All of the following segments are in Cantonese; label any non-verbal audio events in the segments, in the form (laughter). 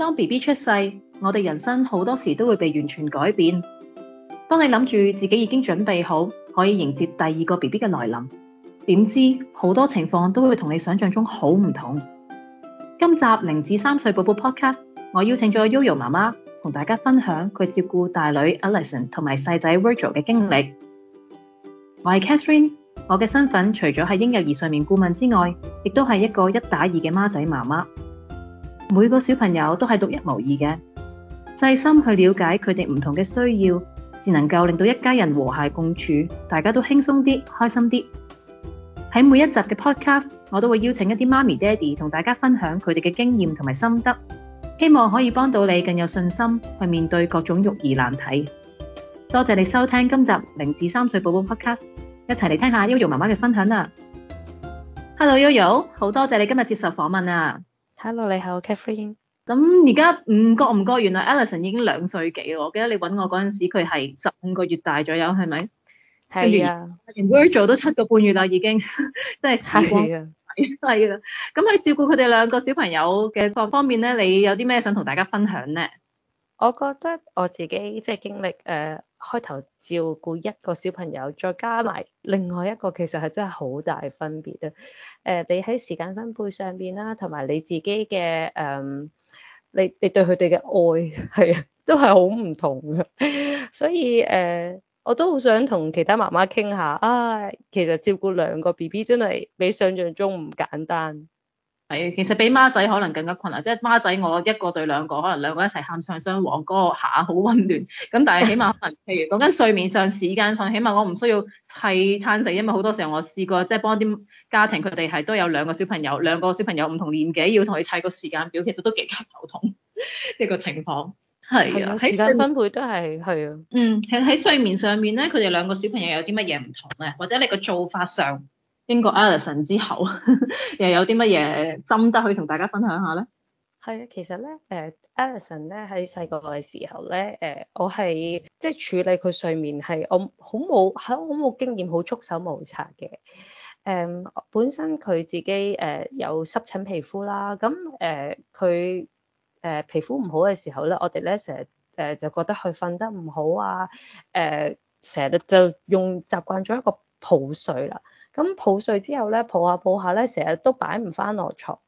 當 BB 出世，我哋人生好多時都會被完全改變。當你諗住自己已經準備好，可以迎接第二個 BB 嘅來臨，點知好多情況都會同你想象中好唔同。今集零至三歲寶寶 Podcast，我邀請咗 Yoyo 媽媽同大家分享佢照顧大女 Alicia 同埋細仔 Virgil 嘅經歷。我係 Catherine，我嘅身份除咗係嬰幼兒睡眠顧問之外，亦都係一個一打二嘅媽仔媽媽。每個小朋友都係獨一無二嘅，細心去了解佢哋唔同嘅需要，先能夠令到一家人和諧共處，大家都輕鬆啲、開心啲。喺每一集嘅 podcast，我都會邀請一啲媽咪爹地同大家分享佢哋嘅經驗同埋心得，希望可以幫到你更有信心去面對各種育兒難題。多謝你收聽今集零至三歲寶寶 podcast，一齊嚟聽下 Yoyo 媽媽嘅分享啦。Hello，Yoyo，好多謝你今日接受訪問啊！hello，你好，Katherine。咁而家唔覺唔覺，原來 Ellison 已經兩歲幾咯，我記得你搵我嗰陣時佢係十五個月大左右，係咪？係啊。Andrew 都七個半月啦，已經，真係時光飛逝啦。咁喺的照顧佢哋兩個小朋友嘅各方面咧，你有啲咩想同大家分享咧？我覺得我自己即係經歷誒。呃開頭照顧一個小朋友，再加埋另外一個，其實係真係好大分別啊！誒、呃，你喺時間分配上面啦，同埋你自己嘅誒、呃，你你對佢哋嘅愛係啊，都係好唔同嘅。所以誒、呃，我都好想同其他媽媽傾下，啊，其實照顧兩個 BB 真係比想象中唔簡單。係，其實比孖仔可能更加困難，即係孖仔我一個對兩個，可能兩個一齊喊唱雙簧歌、那個、下好温暖。咁但係起碼可能，譬如講緊睡眠上、時間上，起碼我唔需要砌餐食，因為好多時候我試過即係幫啲家庭，佢哋係都有兩個小朋友，兩個小朋友唔同年紀，要同佢砌個時間表，其實都幾頭痛一個情況。係啊，的四時間分配都係係啊。嗯，其實喺喺睡眠上面咧，佢哋兩個小朋友有啲乜嘢唔同咧？或者你個做法上？經過 Alicia 之後，又有啲乜嘢心得去同大家分享下咧？係啊，其實咧誒，Alicia 咧喺細個嘅時候咧誒，我係即係處理佢睡眠係我好冇係好冇經驗，好束手無策嘅誒。Um, 本身佢自己誒、uh, 有濕疹皮膚啦，咁誒佢誒皮膚唔好嘅時候咧，我哋咧成日誒就覺得佢瞓得唔好啊，誒成日就用習慣咗一個抱睡啦。咁抱睡之後咧，抱下抱下咧，成日都擺唔返落床。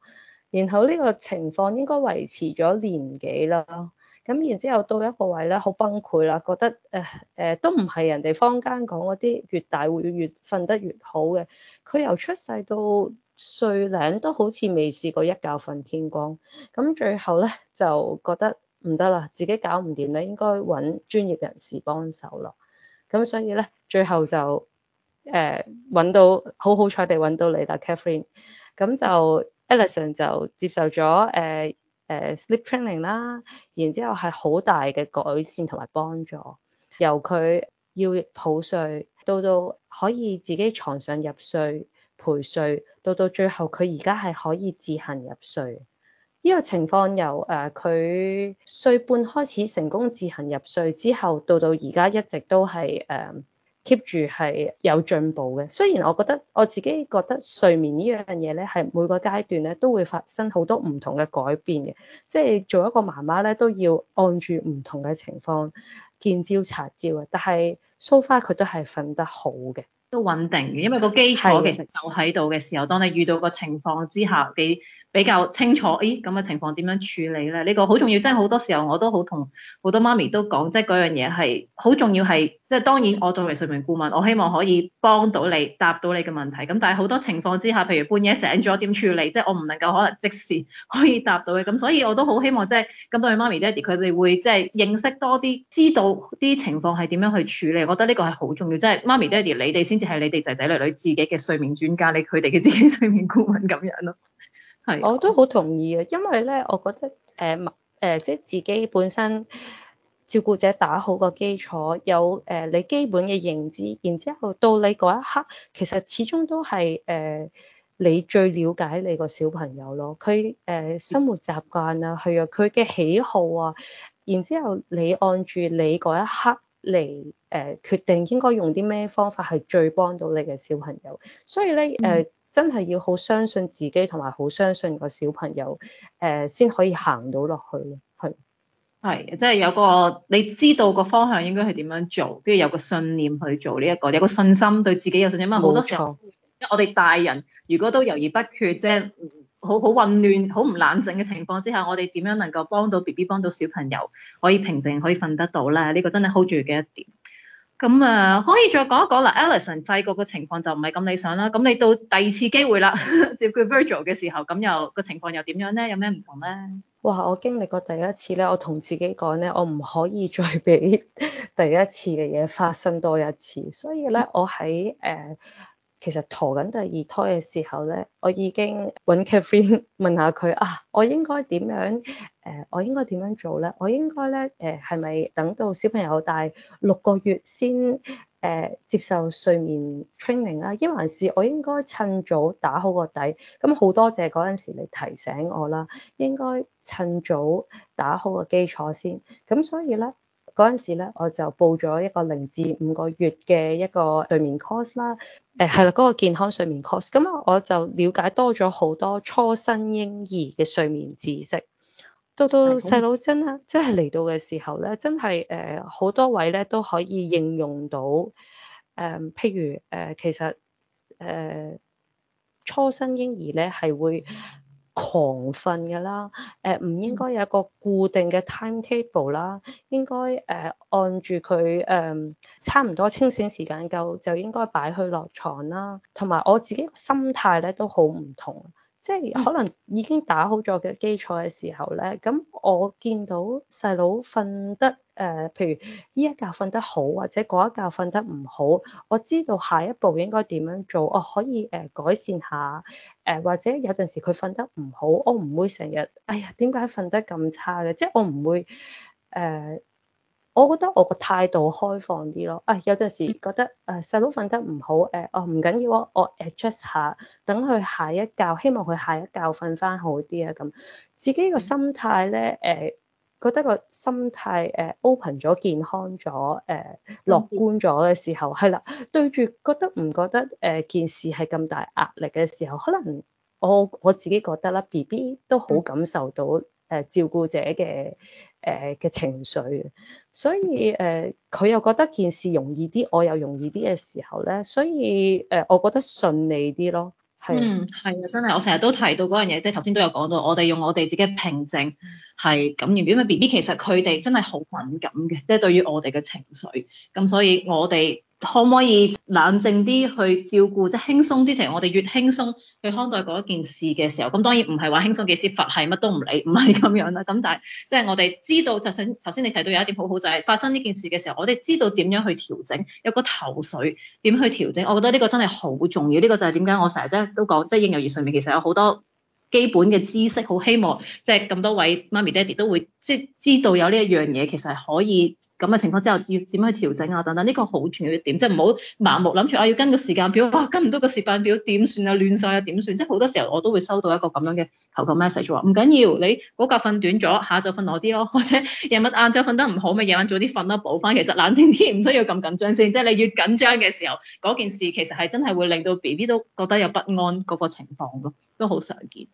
然後呢個情況應該維持咗年幾啦。咁然之後到一個位咧，好崩潰啦，覺得誒誒、呃呃、都唔係人哋坊間講嗰啲越大會越瞓得越好嘅。佢由出世到歲零都好似未試過一覺瞓天光。咁最後咧就覺得唔得啦，自己搞唔掂咧，應該搵專業人士幫手啦。咁所以咧，最後就。誒揾、uh, 到好好彩地揾到你啦，Catherine。咁就 Alicia 就接受咗誒誒 sleep training 啦，然之後係好大嘅改善同埋幫助。由佢要抱睡，到到可以自己床上入睡、陪睡，到到最後佢而家係可以自行入睡。呢、這個情況由誒佢歲半開始成功自行入睡之後，到到而家一直都係誒。Uh, Keep 住係有進步嘅。雖然我覺得我自己覺得睡眠呢樣嘢咧，係每個階段咧都會發生好多唔同嘅改變嘅。即係做一個媽媽咧，都要按住唔同嘅情況見招拆招啊。但係 so far 佢都係瞓得好嘅，都穩定嘅，因為個基礎其實就喺度嘅時候，的當你遇到個情況之下，你比較清楚，咦咁嘅情況點樣處理咧？呢個好重要，即係好多時候我都好同好多媽咪都講，即係嗰樣嘢係好重要係。即係當然，我作為睡眠顧問，我希望可以幫到你答到你嘅問題。咁但係好多情況之下，譬如半夜醒咗點處理，即係我唔能夠可能即時可以答到嘅。咁所以我都好希望即係咁多嘅媽咪爹哋，佢哋會即係認識多啲，知道啲情況係點樣去處理。我覺得呢個係好重要。即係媽咪爹哋，你哋先至係你哋仔仔女女自己嘅睡眠專家，你佢哋嘅自己睡眠顧問咁樣咯。係，我都好同意呀，因為咧，我覺得誒物即係自己本身。照顧者打好個基礎，有誒你基本嘅認知，然之後到你嗰一刻，其實始終都係誒、呃、你最了解你個小朋友咯。佢誒、呃、生活習慣啊，係啊，佢嘅喜好啊，然之後你按住你嗰一刻嚟誒、呃、決定應該用啲咩方法係最幫到你嘅小朋友。所以咧誒，呃嗯、真係要好相信自己同埋好相信個小朋友誒，先、呃、可以行到落去咯，係、啊。係，即係有個你知道個方向應該係點樣做，跟住有個信念去做呢一個，有個信心對自己有信心。好多時候，冇錯，即係我哋大人如果都猶豫不決，即係好好混亂、好唔冷靜嘅情況之下，我哋點樣能夠幫到 BB、幫到小朋友可以平靜、可以瞓得到咧？呢個真係 hold 住嘅一點。咁啊，可以再講一講啦，Alicia 細個嘅情況就唔係咁理想啦。咁你到第二次機會啦，接佢 Virgil 嘅時候，咁又個情況又點樣咧？有咩唔同咧？哇！我經歷過第一次咧，我同自己講咧，我唔可以再俾第一次嘅嘢發生多一次。所以咧，我喺誒、呃、其實陀緊第二胎嘅時候咧，我已經揾 Katherine 問下佢啊，我應該點樣？誒、呃，我應該點樣做咧？我應該咧誒，係、呃、咪等到小朋友大六個月先？誒接受睡眠 training 啦，因為還是我應該趁早打好個底，咁好多謝嗰陣時你提醒我啦，應該趁早打好個基礎先，咁所以咧嗰陣時咧我就報咗一個零至五個月嘅一個睡眠 course 啦，誒，係啦嗰個健康睡眠 course，咁啊我就了解多咗好多初生嬰兒嘅睡眠知識。到到細佬真啦，真係嚟到嘅時候咧，真係誒好多位咧都可以應用到誒、呃，譬如誒、呃、其實誒、呃、初生嬰兒咧係會狂瞓㗎啦，誒、呃、唔應該有一個固定嘅 time table 啦，應該誒、呃、按住佢誒、呃、差唔多清醒時間夠，就應該擺去落床啦，同埋我自己個心態咧都好唔同。即係可能已經打好咗嘅基礎嘅時候咧，咁我見到細佬瞓得誒，譬如依一覺瞓得好，或者嗰一覺瞓得唔好，我知道下一步應該點樣做，我可以誒改善下誒，或者有陣時佢瞓得唔好，我唔會成日，哎呀點解瞓得咁差嘅，即係我唔會誒。我覺得我個態度開放啲咯，啊有陣時覺得誒細佬瞓得唔好，誒、呃、哦唔緊要啊，我 adjust 下，等佢下一覺，希望佢下一覺瞓翻好啲啊咁。自己個心態咧，誒、呃、覺得個心態誒、呃、open 咗、健康咗、誒、呃、樂觀咗嘅時候，係啦、嗯，對住覺得唔覺得誒、呃、件事係咁大壓力嘅時候，可能我我自己覺得啦，B B 都好感受到、嗯。誒，照顧者嘅誒嘅情緒，所以誒佢、呃、又覺得件事容易啲，我又容易啲嘅時候咧，所以誒、呃、我覺得順利啲咯，係嗯係啊，真係我成日都提到嗰樣嘢，即係頭先都有講到，我哋用我哋自己嘅平靜係咁，因為 B B 其實佢哋真係好敏感嘅，即係對於我哋嘅情緒，咁所以我哋。可唔可以冷靜啲去照顧，即係輕鬆啲？其實我哋越輕鬆去看待嗰件事嘅時候，咁當然唔係話輕鬆幾時佛係乜都唔理，唔係咁樣啦。咁但係即係我哋知道，就算頭先你提到有一點好好就係發生呢件事嘅時候，我哋知道點樣去調整，有個頭緒點去調整。我覺得呢個真係好重要。呢個就係點解我成日即都講，即係應有。兒上面其實有好多基本嘅知識，好希望即係咁多位媽咪爹哋都會即係知道有呢一樣嘢，其實係可以。咁嘅情況之後要點樣去調整啊？等等，呢個好重要嘅點，即係唔好盲目諗住啊，要跟個時間表，哇，跟唔到個時間表點算啊？亂晒啊？點算？即係好多時候我都會收到一個咁樣嘅求救 message 話唔緊要，你嗰覺瞓短咗，下晝瞓耐啲咯，或者夜晚晏晝瞓得唔好，咪夜晚早啲瞓啦，補翻。其實冷靜啲，唔需要咁緊張先。即係你越緊張嘅時候，嗰件事其實係真係會令到 B B 都覺得有不安嗰個情況咯，都好常見。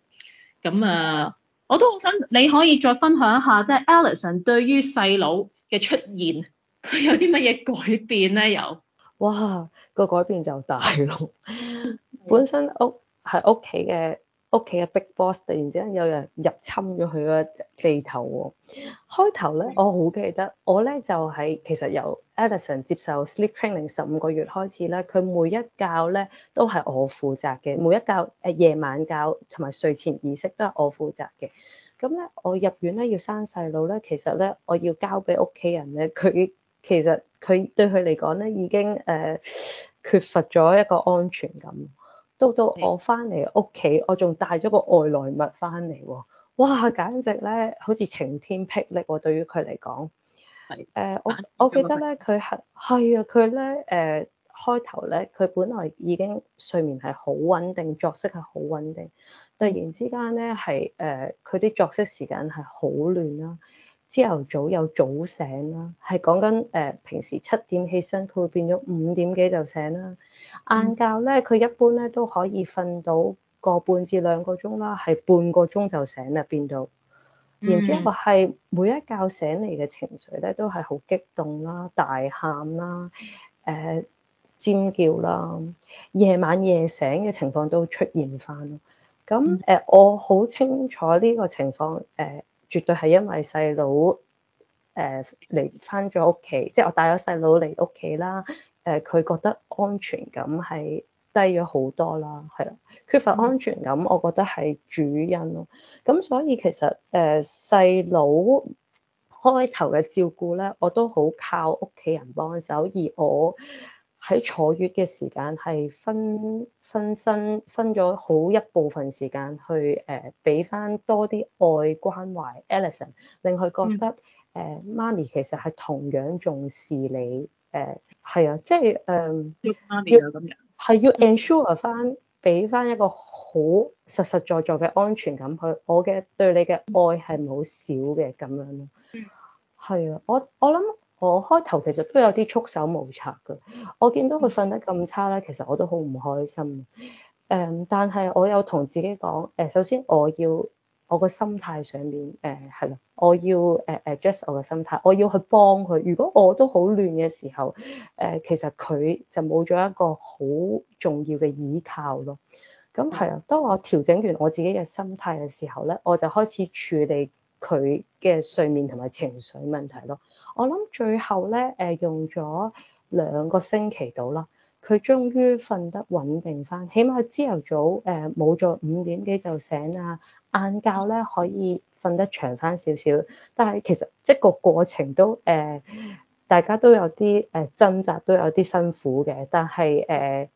咁啊，我都好想你可以再分享一下，即係 Alicia 對於細佬嘅出現，佢有啲乜嘢改變咧？有哇，個改變就大咯。 (laughs) 本身屋係屋企嘅屋企嘅 big boss，突然之間有人入侵咗佢個地頭喎。開頭咧，我好記得，我咧就係其實由 Edison 接受 sleep training 十五個月開始咧，佢每一覺咧都係我負責嘅，每一覺誒夜晚覺同埋睡前儀式都係我負責嘅。咁咧，我入院咧要生細路咧，其實咧，我要交俾屋企人咧，佢其實佢對佢嚟講咧已經誒、呃、缺乏咗一個安全感。到到我翻嚟屋企，我仲帶咗個外來物翻嚟喎，哇！簡直咧，好似晴天霹靂喎、啊，對於佢嚟講。係的。誒、呃，我、啊、我記得咧，佢係係啊，佢咧誒開頭咧，佢、呃、本來已經睡眠係好穩定，作息係好穩定，突然之間咧，係誒佢啲作息時間係好亂啦。朝頭早又早醒啦，係講緊誒平時七點起身，佢會變咗五點幾就醒啦。晏覺咧，佢一般咧都可以瞓到個半至兩個鐘啦，係半個鐘就醒啦，變到。然之後係每一覺醒嚟嘅情緒咧，都係好激動啦、大喊啦、誒、呃、尖叫啦。夜晚夜醒嘅情況都出現翻。咁誒、呃，我好清楚呢個情況誒、呃，絕對係因為細佬誒嚟返咗屋企，即係我帶咗細佬嚟屋企啦。誒、呃，佢覺得安全感係低咗好多啦，係啦，缺乏安全感，我覺得係主因咯。咁、嗯、所以其實誒細佬開頭嘅照顧咧，我都好靠屋企人幫手，而我喺坐月嘅時間係分。分身分咗好一部分時間去，誒、呃，俾翻多啲愛關懷 Alicia 令佢覺得，誒、嗯，媽、呃、咪其實係同樣重視你，誒、呃，係啊，即係，誒、呃，媽樣，要媽咪啊，咁樣，係要 ensure 翻，俾翻一個好實實在在嘅安全感，佢，我嘅對你嘅愛係唔好少嘅，咁樣咯，係啊，我我諗。我開頭其實都有啲束手無策㗎，我見到佢瞓得咁差咧，其實我都好唔開心。誒、嗯，但係我有同自己講，誒，首先我要我個心態上面，誒、嗯，係啦，我要誒誒 address 我嘅心態，我要去幫佢。如果我都好亂嘅時候，誒、嗯，其實佢就冇咗一個好重要嘅倚靠咯。咁係啊，當我調整完我自己嘅心態嘅時候咧，我就開始處理佢嘅睡眠同埋情緒問題咯，我諗最後咧，誒、呃、用咗兩個星期到啦，佢終於瞓得穩定返，起碼朝頭早誒冇咗五點幾就醒啊，晏覺咧，可以瞓得長返少少，但係其實即係、就是、個過程都誒、呃，大家都有啲誒掙扎，都有啲辛苦嘅，但係誒。呃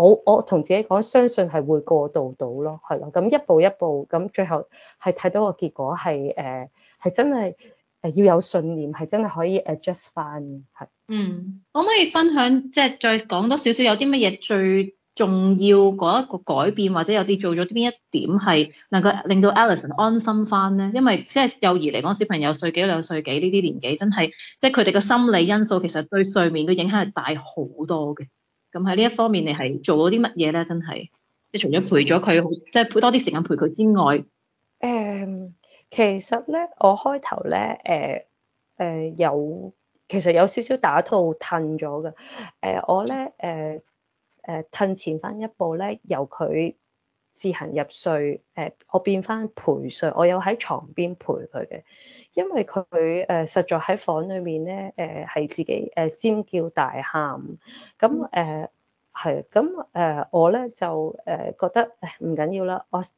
我我同自己講，相信係會過渡到咯，係咯，咁一步一步，咁最後係睇到個結果係誒係真係誒要有信念，係真係可以 adjust 翻嘅，係。嗯，可唔可以分享即係、就是、再講多少少有啲乜嘢最重要嗰一個改變，或者有啲做咗啲邊一點係能夠令到 Alicia 安心翻咧？因為即係幼兒嚟講，小朋友歲幾兩歲幾呢啲年紀，真係即係佢哋嘅心理因素其實對睡眠嘅影響係大好多嘅。咁喺呢一方面你係做咗啲乜嘢咧？真係，即除咗陪咗佢好，即係多啲時間陪佢之外，誒、嗯，其實咧，我開頭咧，誒、呃，誒、呃、有，其實有少少打套褪咗嘅。誒、呃，我咧，誒、呃，誒褪前翻一步咧，由佢自行入睡，誒、呃，我變翻陪睡，我有喺床邊陪佢嘅。因為佢誒實在喺房裏面咧，誒係自己誒尖叫大喊，咁誒係，咁誒、嗯、我咧就誒覺得唔緊要啦，我誒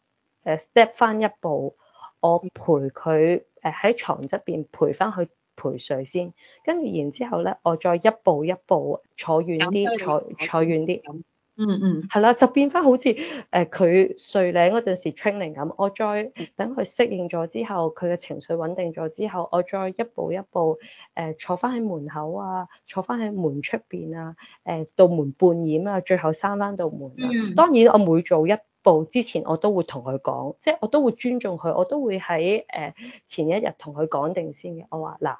step 翻一步，我陪佢誒喺床側邊陪翻佢陪睡先，跟住然之後咧，我再一步一步坐遠啲，坐坐遠啲。嗯嗯，係啦、mm hmm.，就變翻好似誒佢睡領嗰陣時 training 咁，我再等佢適應咗之後，佢嘅情緒穩定咗之後，我再一步一步誒、呃、坐翻喺門口啊，坐翻喺門出邊啊，誒、呃、到門半掩啊，最後閂翻道門啊。Mm hmm. 當然我每做一步之前，我都會同佢講，即、就、係、是、我都會尊重佢，我都會喺誒、呃、前一日同佢講定先嘅。我話嗱。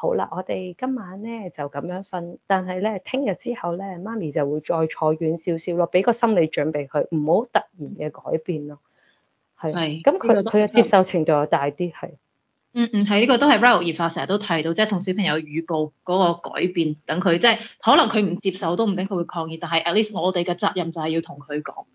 好啦，我哋今晚咧就咁樣瞓，但係咧聽日之後咧，媽咪就會再坐遠少少咯，俾個心理準備佢，唔好突然嘅改變咯。係，咁佢佢嘅接受程度又大啲，係。嗯嗯，係呢個都係 Riley 葉話成日都提到，即係同小朋友預告嗰個改變，等佢即係可能佢唔接受都唔定佢會抗議，但係 at least 我哋嘅責任就係要同佢講，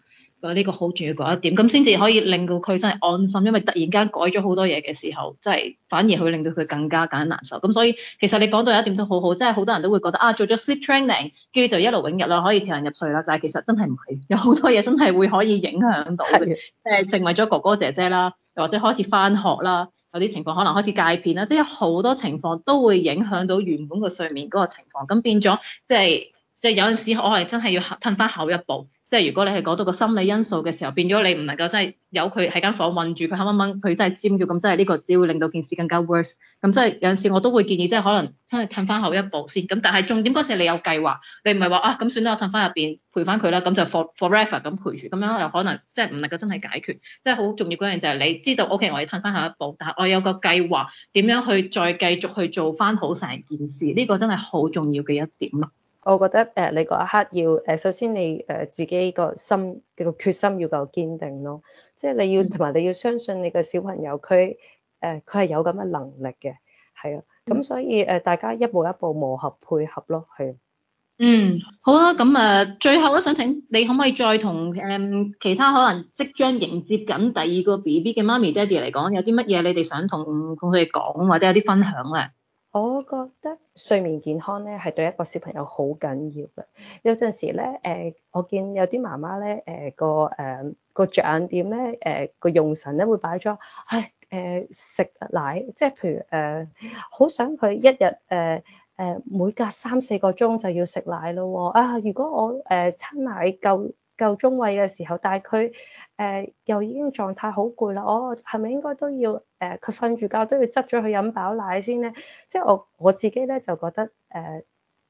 這個呢個好重要嘅一點，咁先至可以令到佢真係安心，因為突然間改咗好多嘢嘅時候，即係反而會令到佢更加揀難受。咁所以其實你講到有一點都好好，即係好多人都會覺得啊，做咗 sleep training，跟住就一路永逸啦，可以自然入睡啦。但係其實真係唔係，有好多嘢真係會可以影響到嘅，誒的成為咗哥哥姐姐啦，或者開始翻學啦。有啲情況可能開始戒片啦，即係好多情況都會影響到原本個睡眠嗰個情況，咁變咗即係即係有陣時我係真係要吞翻後一步。即係如果你係講到個心理因素嘅時候，變咗你唔能夠真係由佢喺間房困住佢，黑掹掹佢真係尖叫咁，真係呢個只會令到件事更加 worse。咁即係有陣時我都會建議，即係可能真係褪翻後一步先。咁但係重點嗰時你有計劃，你唔係話啊，咁算啦，我褪翻入邊陪翻佢啦，咁就 forever 咁陪住。咁樣又可能即係唔能夠真係解決。即係好重要嗰樣就係你知道，OK，我要褪翻後一步，但係我有個計劃點樣去再繼續去做翻好成件事。呢個真係好重要嘅一點。我覺得誒，你嗰一刻要誒，首先你誒自己個心個決心要夠堅定咯，即係你要同埋你要相信你嘅小朋友，佢誒佢係有咁嘅能力嘅，係啊，咁所以誒，大家一步一步磨合配合咯，係。嗯，好啊，咁啊，最後啊，想請你可唔可以再同誒其他可能即將迎接緊第二個 BB 嘅媽咪爹哋嚟講，有啲乜嘢你哋想同同佢哋講，或者有啲分享啊？我覺得睡眠健康咧係對一個小朋友好緊要嘅。有陣時咧，誒、呃，我見有啲媽媽咧，誒、呃呃、個誒、呃、個著眼點咧，誒、呃、個用神咧會擺咗，係誒食奶，即係譬如誒好、呃、想佢一日誒誒每隔三四個鐘就要食奶咯、哦。啊，如果我誒、呃、親奶夠夠中位嘅時候，但係佢。誒、呃、又已經狀態好攰啦，我係咪應該都要誒佢瞓住覺都要執咗佢飲飽奶先咧？即係我我自己咧就覺得誒、呃，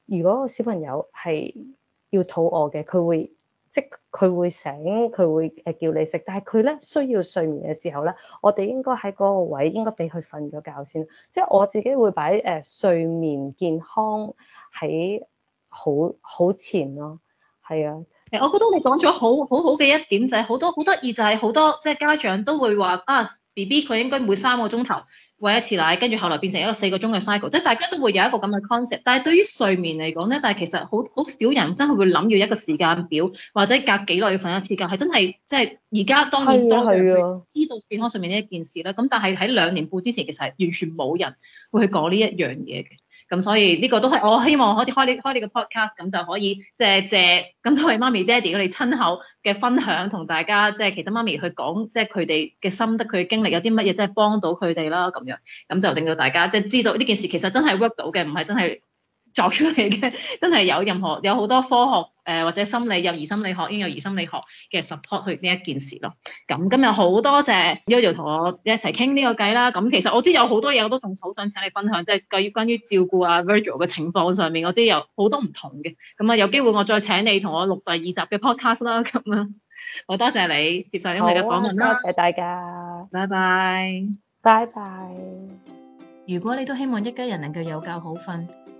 如果小朋友係要肚餓嘅，佢會即佢會醒，佢會誒叫你食。但係佢咧需要睡眠嘅時候咧，我哋應該喺嗰個位應該俾佢瞓咗覺先。即係我自己會擺誒、呃、睡眠健康喺好好前咯，係啊。誒，我覺得你講咗好好好嘅一點就係好多好得意就係好多即係家長都會話啊，B B 佢應該每三個鐘頭餵一次奶，跟住後來變成一個四個鐘嘅 cycle，即係大家都會有一個咁嘅 concept。但係對於睡眠嚟講咧，但係其實好好少人真係會諗要一個時間表或者隔幾耐要瞓一次覺，係真係即係而家當然多數會知道健康上面呢一件事啦。咁但係喺兩年半之前其實係完全冇人會去講呢一樣嘢嘅。咁所以呢個都係我希望可以開呢開呢個 podcast，咁就可以借借咁多位媽咪爹哋佢哋親口嘅分享，同大家即係、就是、其他媽咪去講，即係佢哋嘅心得、佢經歷有啲乜嘢，即係幫到佢哋啦，咁樣咁就令到大家即係、就是、知道呢件事其實真係 work 到嘅，唔係真係。作出嚟嘅，真係有任何有好多科學誒、呃、或者心理、幼兒心理學、嬰幼兒心理學嘅 support 去呢一件事咯。咁今日好多謝 Yoyo 同我一齊傾呢個偈啦。咁其實我知有好多嘢我都仲好想請你分享，即係關於關於照顧啊 Virgil 嘅情況上面，我知有好多唔同嘅。咁、嗯、啊，有機會我再請你同我錄第二集嘅 podcast 啦。咁啊，好多謝你接受咗我哋嘅訪問啦、啊。多謝大家。拜拜。拜拜。如果你都希望一家人能夠有覺好瞓。